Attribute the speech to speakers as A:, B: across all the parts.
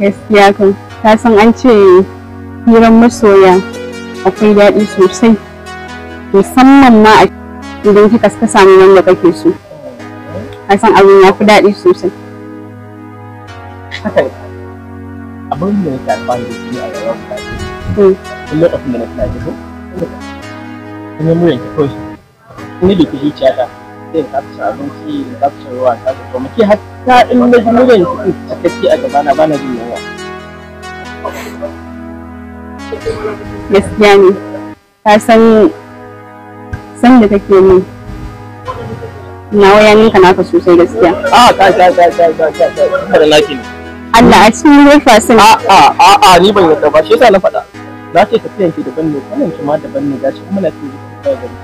A: gaskiya kan ta san an ce hiran masoya akwai daɗi sosai musamman ma a idan kika ka samu wanda kake so Ka san abin ya fi daɗi sosai hakan abin da nake alfahari da shi a rayuwa ku dace in hmm. lokacin da na tana jiko in yi muryan kiko shi in yi da ke zuciya ta sai ta fi abinci ta fi ruwa ta fi kuma ke hatta in na ji muryan kiko cikakke a gabana bana jin gaskiya ne ta san san da kake yi na waya ka naka sosai gaskiya a ah, ka ta ka ta ka ka ka naki ne Allah a cikin rufa sun a ah, a ah, a a ni ban yadda ba shi yasa na faɗa na ce tafiyan ki daban ne kanan ki ma daban ne gashi kuma na ce ki ka gari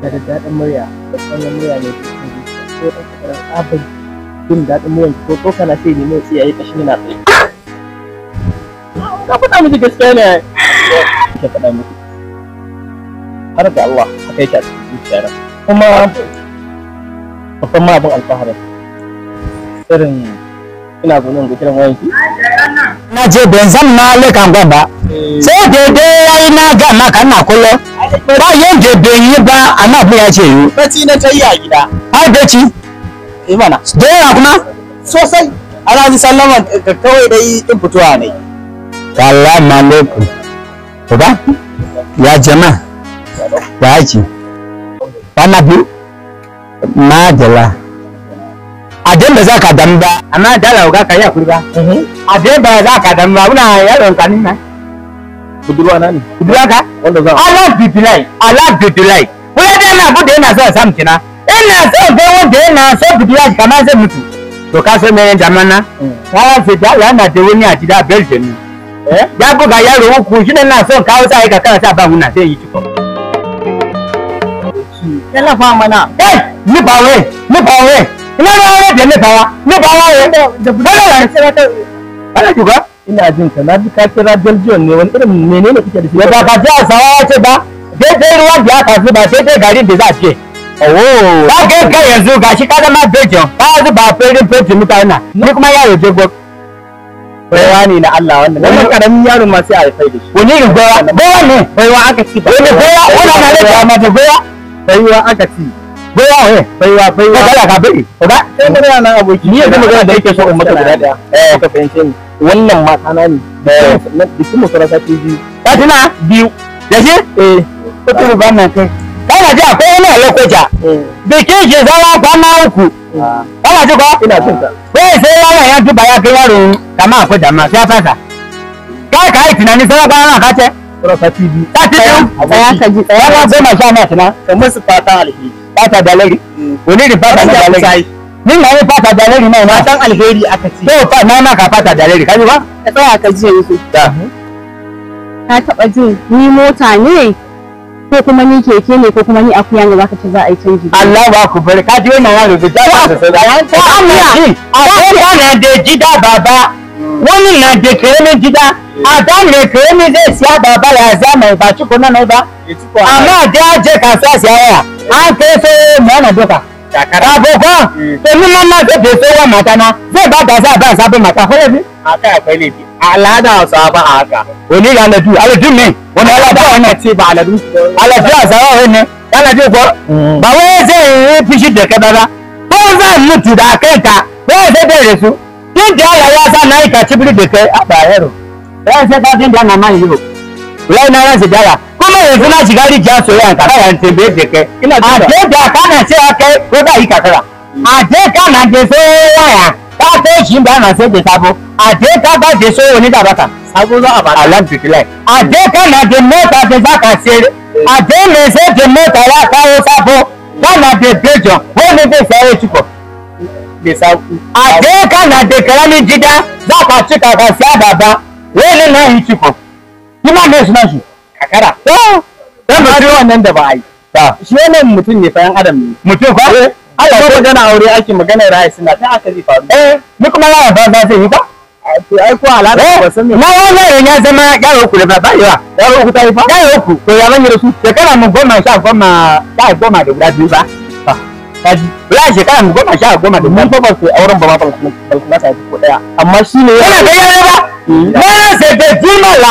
A: da daddaɗin murya da tsanan murya ne ki kan ko ɗan ƙarar abin jin daɗin muryan ko ko kana ce ne mai tsiyaye ƙashi na tsaye ka faɗa miki gaskiya ne ka faɗa miki har da Allah ka yake ta cikin zuciyar kuma babban ma abin alfaharin irin ina zo nan gudunar wayan ki na je ban san ma le kan gwa eh. sai da dai yayi na ga ma kan na kullo ba yanda bai yi ba ana bu ya ce yi baci na tayi a gida ai baci eh mana da yana kuma sosai ana ji sallama kawai dai din fitowa ne Salamu alaikum. Uba? Ya jama'a. Ya aiki. Kwana biyu? Madala. Adin ba za ka damu ba, amma dala uga ka yi hakuri ba. ba za ka dan ba, muna yaron ka Budurwa na Budurwa ka? Wanda za. Allah bibilai, Allah bibilai. Wai da na bude yana son samu kina. Ina son bai wanda yana kamar zai mutu. To ka san me jama'a na? Mm. Ka fi dala na da wani a gida bel da ya buga yaro uku shi na son kawo sa ka kana sa ba muna sai yi ciko yana fa mana eh ni ba we ni ba we ina ba we da ni ba wa ni ba wa we da buga sai ta ana juga ina jin ka na ka kira Belgium ne wani irin menene kike da shi ba ji a sawa ce ba dai dai ruwan da aka zuba sai dai garin da za ce Oh, ba ga kai yanzu gashi ka zama Belgium ba zuba fere fere mutana ni kuma yaro je gwamnati baiwa ne na Allah wannan wannan karamin yaron ma sai a haifai da shi wani irin baiwa baiwa ne baiwa aka ci wani baiwa wannan na da baiwa baiwa aka ci baiwa eh baiwa baiwa kada ka bai ba sai mun yana aboki ni yanzu magana da yake so in guda daya eh ka fahimce ni wannan mata na ne eh. da bikin musara ta biyu ta tana biyu da shi eh ko ba nan kai
B: kana ji akwai wani lokaci
A: eh. bikin shi zama kwana uku Bala ci ko? Ina jin ka. Wai sai yaron ya duba ya kai yaro kama akwai dama sai fasa. Kai kai tunani sai ka na kace. Rafa TV. Ta ci din. Tsaya ka ji tsaya ka goma sha na tuna. Kamar su fata alheri. Fata dalari. Wani da fata dalari. Ni na yi fata dalari na ma san alheri aka ci. To fa na ma ka fata dalari ka ji ba? Ka tsaya ka ji yanzu. Da. Ka ni ko kuma ni keke ne ko kuma ni akuya ne zaka ci za a yi canji Allah ba ku bari ka ji wannan wani da zaka da sai ko Allah akuya na da gida baba wannan na a da ne karamin zai siya baba ya zama ba ci ko nan ba amma da je kasuwa siya waya an kai so mu mm. na doka abokan domin nan na zai bada matana zai ba da sa ba sabon mata ko yabi akwai al'ada hausa ba a haka wani ga aladu aladu ne wani aladu wani ce ba aladu aladu hausa ba wani aladu ko mm. ba wai zai yi fishi da kada ba ko zan mutu da kai ka ba zai da su tun da Allah ya sa na yi ka cibiri da kai a bayero ran sai ka tun da na man yiro rai na ran sigara kuma yanzu na shiga rijiya soyayya ka ran tambaye da kai a da kana sai kai ko da yi kakara a je kana je soyayya kateji ba na sai da sabo a je ka ba da so wani da baka a ka na da mota da zaka sai a je me sai da mota ya kawo sabo kana da bejo wani bai sai a ka na da karamin gida zaka cika ka sai baba wani na yi ciko kima ne suna shi kakara dan ba wannan da ba ai shi wannan mutum ne fa Allah ko magana aure ake magana rai suna ta aka zai faru eh ni kuma ya ba ba zai yi ba to ai ko alaka eh, ba san me ma wannan ya zama yaro ku da baba yawa yaro ku ta yi fa yaro ku to ya manya da su shekara mun goma sha goma sha goma da guda biyu ba kaji la shekara mu goma sha goma da mun ba su auren ba ma ba su ba su ko daya amma shine yana da yaro ba eh. na sai da jimala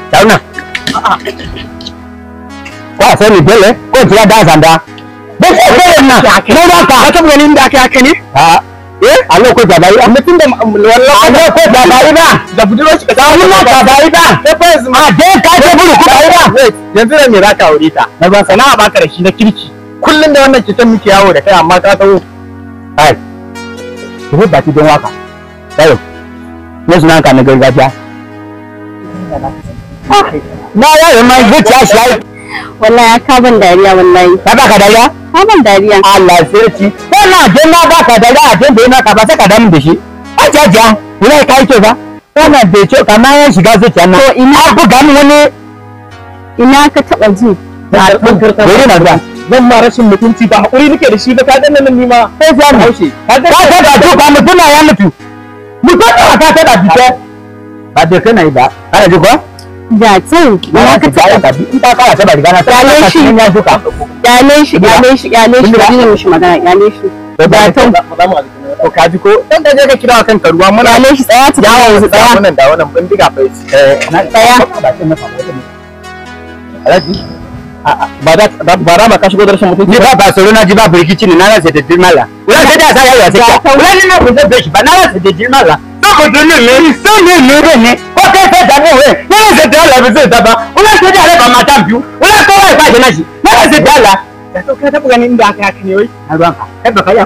A: Haruna. Wa sai ni dole ko da zanda. Ba sai dole na. ba ka. Ka tabbata ganin kai ne? A eh ko jabai amma tun da wallahi ko jabai ba. Da budurwa shi ka jabai ba. Sai fa yanzu ma dai ka ce buru ku jabai ba. Yanzu da ka aure ta? Na ba sana'a baka da shi na kirki. Kullum da wannan kitan muke yawo da kai amma ka tawo. Ai. Ki ba ki don waka. Tayo. Ne sunan ka na gargajiya. na ya yi mai zuciya shi yayi wallahi ka ban dariya wallahi ka baka dariya ka ban dariya Allah sarki wannan dan na baka dariya a dan na ka ba ka damu da shi a jaja wallahi kai ke ba wannan bai ce kamar ya shiga zuciya na to ina buga mu wani ina ka taba ji ba gori na zuwa zan ma rashin mutunci ba hakuri nake da shi ba ka danna nan nima sai sai mu ka ga da duka mutuna ya mutu mutum ka ta da duka ba da kana yi ba ji ko jatsin ya ba ma ka shigo da rashin mutunci ba ba tsoro na ji ba ne na sai da sai da sai na ba na sai da sai ne ne kai sai da ne wai ne sai da Allah bai da ba wala sai da Allah ba mata biyu wala kowa ya bashi nashi ne sai da Allah da to ka taba ganin inda aka haka ka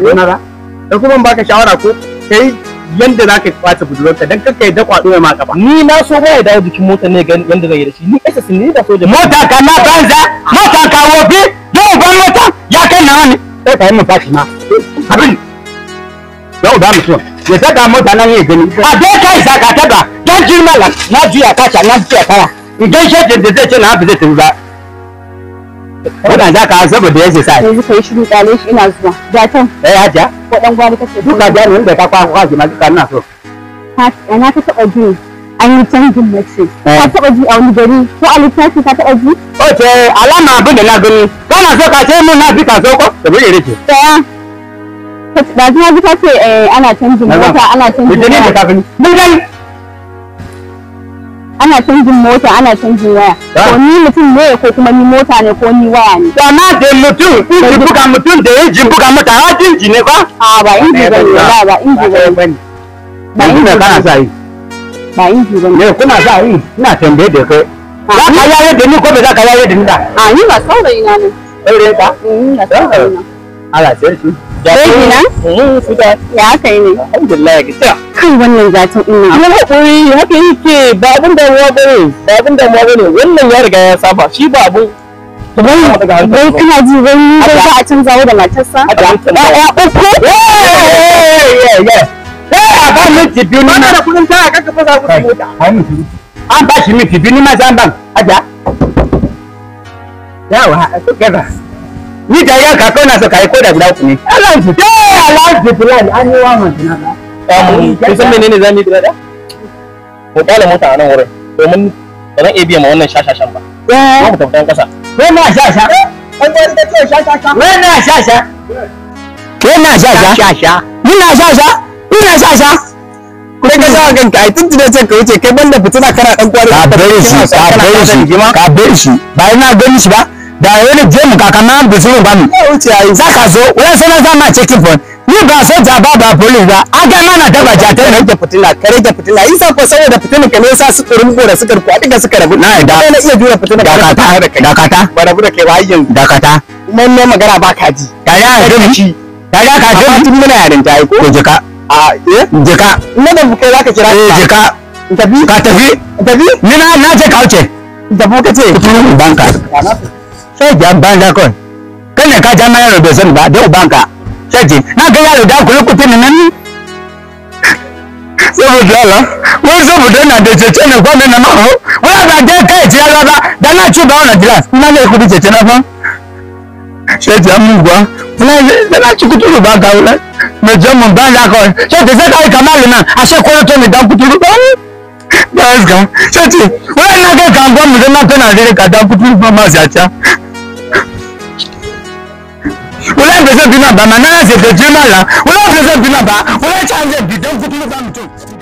A: baka shawara ko kai yanda za ka kwace budurwarka dan kakkai da ni na so mai da jikin mota ne ga yanda zai yi da shi ni SS ne da soja mota ka na banza mota ka mota ya kai na wani ya daga mota nan ya gani a dai kai saka ta ba dan ji malam na juya kaca na juya kaya idan shekin da zai ce na hafi zai tafi ba wannan za ka saboda ya ce sa yanzu kai shiru tsale shi ina zuwa jatan eh haja wadan gwani kace duka da nan da ka kwa kwa ji ma duka ina so ha na ta taba ji an yi canjin mace ka taba ji a wani gari ko a littafi ka taba ji o ce alama abin da na gani kana so ka ce mun na bi ka so ko da bude rike da ta ji kace eh ana canjin mota ana canjin mota bidan ana canjin mota ana canjin waya ko ni mutum ne ko kuma ni mota ne ko ni waya ne da na da mutum in ji buga mutum da ya ji buga mota ha inji ne ba a ba inji ba ne ba inji ba ne ba inji ba kana sa yi ba inji ba ne kuna sa yi ina tambaye da kai za ka yaye da ni ko ba za ka yaye da ni da a ni ba saurayi na ne saurayi ka? ni ba saurayi na ala sai shi Baby na? Ya aka yi ne? Alhamdulillah ki ta. Kan wannan zatin ina. Ina haƙuri, haka yake ba abin damuwa bane, ba abin damuwa Wannan ya riga ya saba, shi ba abin Wai kana ji wai a canza da matarsa? Ya uku? a ba minti biyu ni ma. da kudin taya fasa mota. An ba shi minti biyu ni ma zan ban. Aja. Yawa, a ni da ya ka kauna so kai ko da guda uku ne Allah ji eh an yi wa mun na ba um kusan menene zamu yi bilal mu kala mota a nan wurin domin ba zan iya biya ma wannan shashashan ba eh mu tafi kasa ko ma shasha an ba ita ce shashasha wena shasha wena shasha shasha muna shasha muna shasha kai ka sa kanka ai tun tunan ka wuce kai banda fitina kana dan kwari ka bar shi ka bar shi ka bar shi ba ina ganin shi ba da wani jemu kaka na bisirin ba Za ka zo wani sanar zama cikin fon ni ba soja ba ba police ba aga mana da baja ta ne ke fitina kare ke fitina isa ko saboda ke ne yasa su turin gora suka rufu duka suka rabu na da na iya jura da kata da kata ba rabu da kai ba yanzu da kata mun ne magana ba ka ji da ya ka ji da ya ka ji tun muna yarin ta ko ko jika a eh jika na da kai ka kira eh jika tafi ka tafi tafi ni na na je kauce da ka ce banka eji abanda kon kana ka jama yaro be zan ba da banka sai na ga yaro da kulu kutin nan saboda Allah wai saboda na da cece ne kwa na maro wala ba da kai ci ala ba da na ci ba wannan glass na ne ku cece na fa sai ji amu gwa na na ci kuturu ba ga wala me jamu banda kon sai da sai kai kamalu nan ashe ko to me dan kuturu ba Yes, come. Shut it. When I get can go, I'm not gonna really cut down, put me from my present bi na ba ma na se de jema la wala present bi na ba wala chance bi don kutu ba mtu